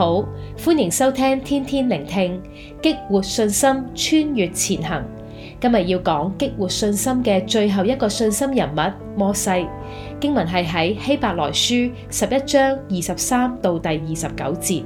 好，歡迎收聽天天聆聽，激活信心，穿越前行。今日要講激活信心嘅最後一個信心人物摩西，經文係喺希伯來書十一章二十三到第二十九節。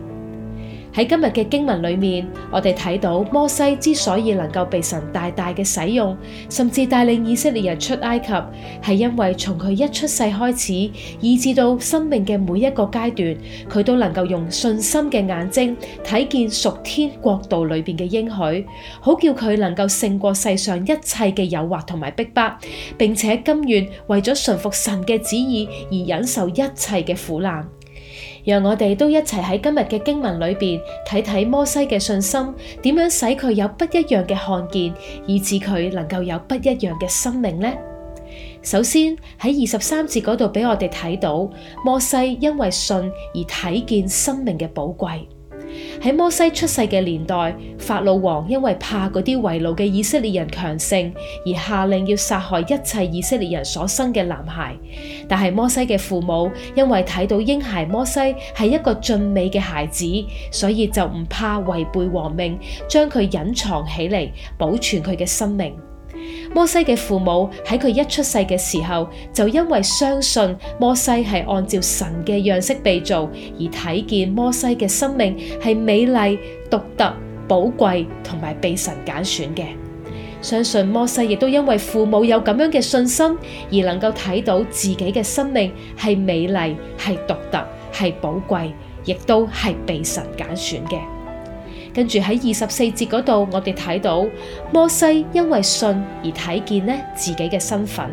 喺今日嘅經文裏面，我哋睇到摩西之所以能夠被神大大嘅使用，甚至帶領以色列人出埃及，係因為從佢一出世開始，以至到生命嘅每一個階段，佢都能夠用信心嘅眼睛睇見屬天國度裏面嘅應許，好叫佢能夠勝過世上一切嘅誘惑同埋逼迫，並且甘願為咗順服神嘅旨意而忍受一切嘅苦難。讓我哋都一齊喺今日嘅經文裏面睇睇摩西嘅信心點樣使佢有不一樣嘅看見，以至佢能夠有不一樣嘅生命呢？首先喺二十三節嗰度俾我哋睇到，摩西因為信而睇見生命嘅寶貴。喺摩西出世嘅年代，法老王因為怕嗰啲為奴嘅以色列人強盛，而下令要殺害一切以色列人所生嘅男孩。但係摩西嘅父母因為睇到嬰孩摩西係一個俊美嘅孩子，所以就唔怕違背王命，將佢隱藏起嚟，保存佢嘅生命。摩西嘅父母喺佢一出世嘅時候，就因為相信摩西係按照神嘅樣式被造，而睇見摩西嘅生命係美麗、獨特、寶貴同埋被神揀選嘅。相信摩西亦都因為父母有咁樣嘅信心，而能夠睇到自己嘅生命係美麗、係獨特、係寶貴，亦都係被神揀選嘅。跟住喺二十四節嗰度，我哋睇到摩西因為信而睇見呢自己嘅身份。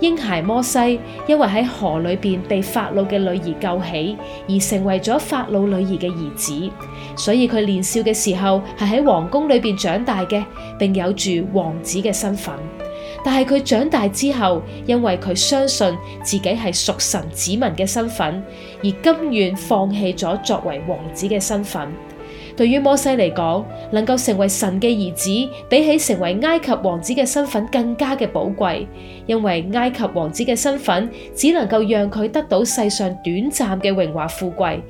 嬰孩摩西因為喺河裏邊被法老嘅女兒救起，而成為咗法老女兒嘅兒子，所以佢年少嘅時候係喺皇宮裏邊長大嘅，並有住王子嘅身份。但係佢長大之後，因為佢相信自己係屬神子民嘅身份，而甘願放棄咗作為王子嘅身份。對於摩西嚟講，能夠成為神嘅兒子，比起成為埃及王子嘅身份更加嘅寶貴，因為埃及王子嘅身份只能夠讓佢得到世上短暫嘅榮華富貴，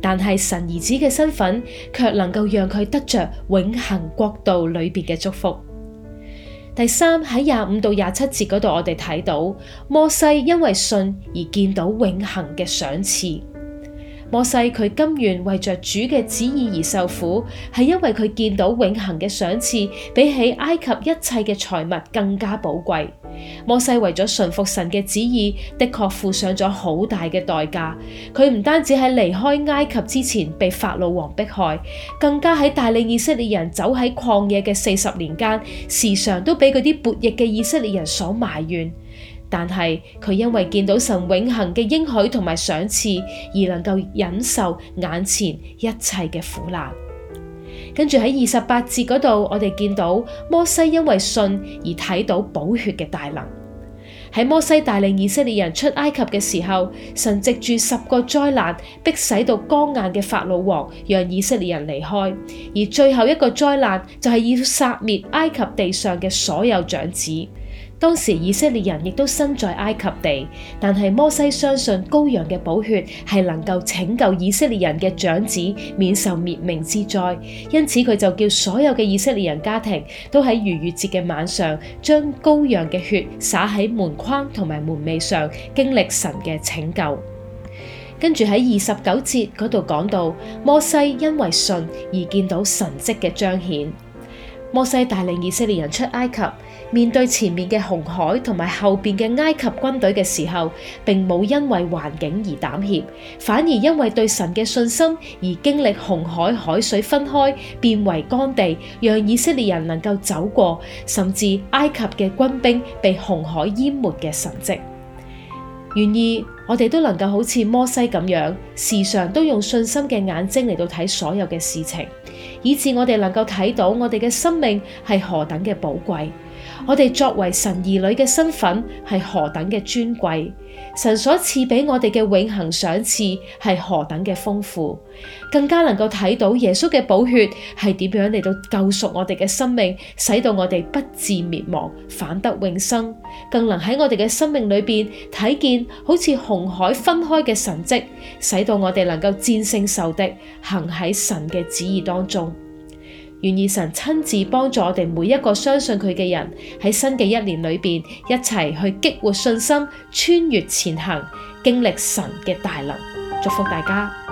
但係神兒子嘅身份卻能夠讓佢得着永恒國度裏面嘅祝福。第三，喺廿五到廿七節嗰度，我哋睇到摩西因為信而見到永恒嘅賞賜。摩西佢甘願為着主嘅旨意而受苦，係因為佢見到永恆嘅賞賜，比起埃及一切嘅財物更加寶貴。摩西為咗順服神嘅旨意，的確付上咗好大嘅代價。佢唔單止喺離開埃及之前被法老王迫害，更加喺帶領以色列人走喺曠野嘅四十年間，時常都俾嗰啲悖逆嘅以色列人所埋怨。但係佢因為見到神永恆嘅應許同埋賞賜，而能夠忍受眼前一切嘅苦難。跟住喺二十八節嗰度，我哋見到摩西因為信而睇到寶血嘅大能。喺摩西帶領以色列人出埃及嘅時候，神藉住十個災難逼使到剛硬嘅法老王讓以色列人離開，而最後一個災難就係要殺滅埃及地上嘅所有長子。當時以色列人亦都身在埃及地，但係摩西相信羔羊嘅寶血係能夠拯救以色列人嘅長子免受滅命之災，因此佢就叫所有嘅以色列人家庭都喺逾越節嘅晚上將羔羊嘅血灑喺門框同埋門楣上，經歷神嘅拯救。跟住喺二十九節嗰度講到，摩西因為信而見到神蹟嘅彰顯。摩西帶領以色列人出埃及，面對前面嘅紅海同埋後邊嘅埃及軍隊嘅時候，並冇因為環境而膽怯，反而因為對神嘅信心而經歷紅海海水分開變為乾地，讓以色列人能夠走過，甚至埃及嘅軍兵被紅海淹沒嘅神跡。願意，我哋都能夠好似摩西咁樣，時常都用信心嘅眼睛嚟到睇所有嘅事情。以至我哋能夠睇到我哋嘅生命係何等嘅寶貴，我哋作為神兒女嘅身份係何等嘅尊貴，神所賜俾我哋嘅永恆賞賜係何等嘅豐富，更加能夠睇到耶穌嘅寶血係點樣嚟到救贖我哋嘅生命，使到我哋不至滅亡，反得永生，更能喺我哋嘅生命裏邊睇見好似紅海分開嘅神蹟，使到我哋能夠戰勝仇敵，行喺神嘅旨意當中。願意神親自幫助我哋，每一個相信佢嘅人，喺新嘅一年裏邊，一齊去激活信心，穿越前行，經歷神嘅大能。祝福大家！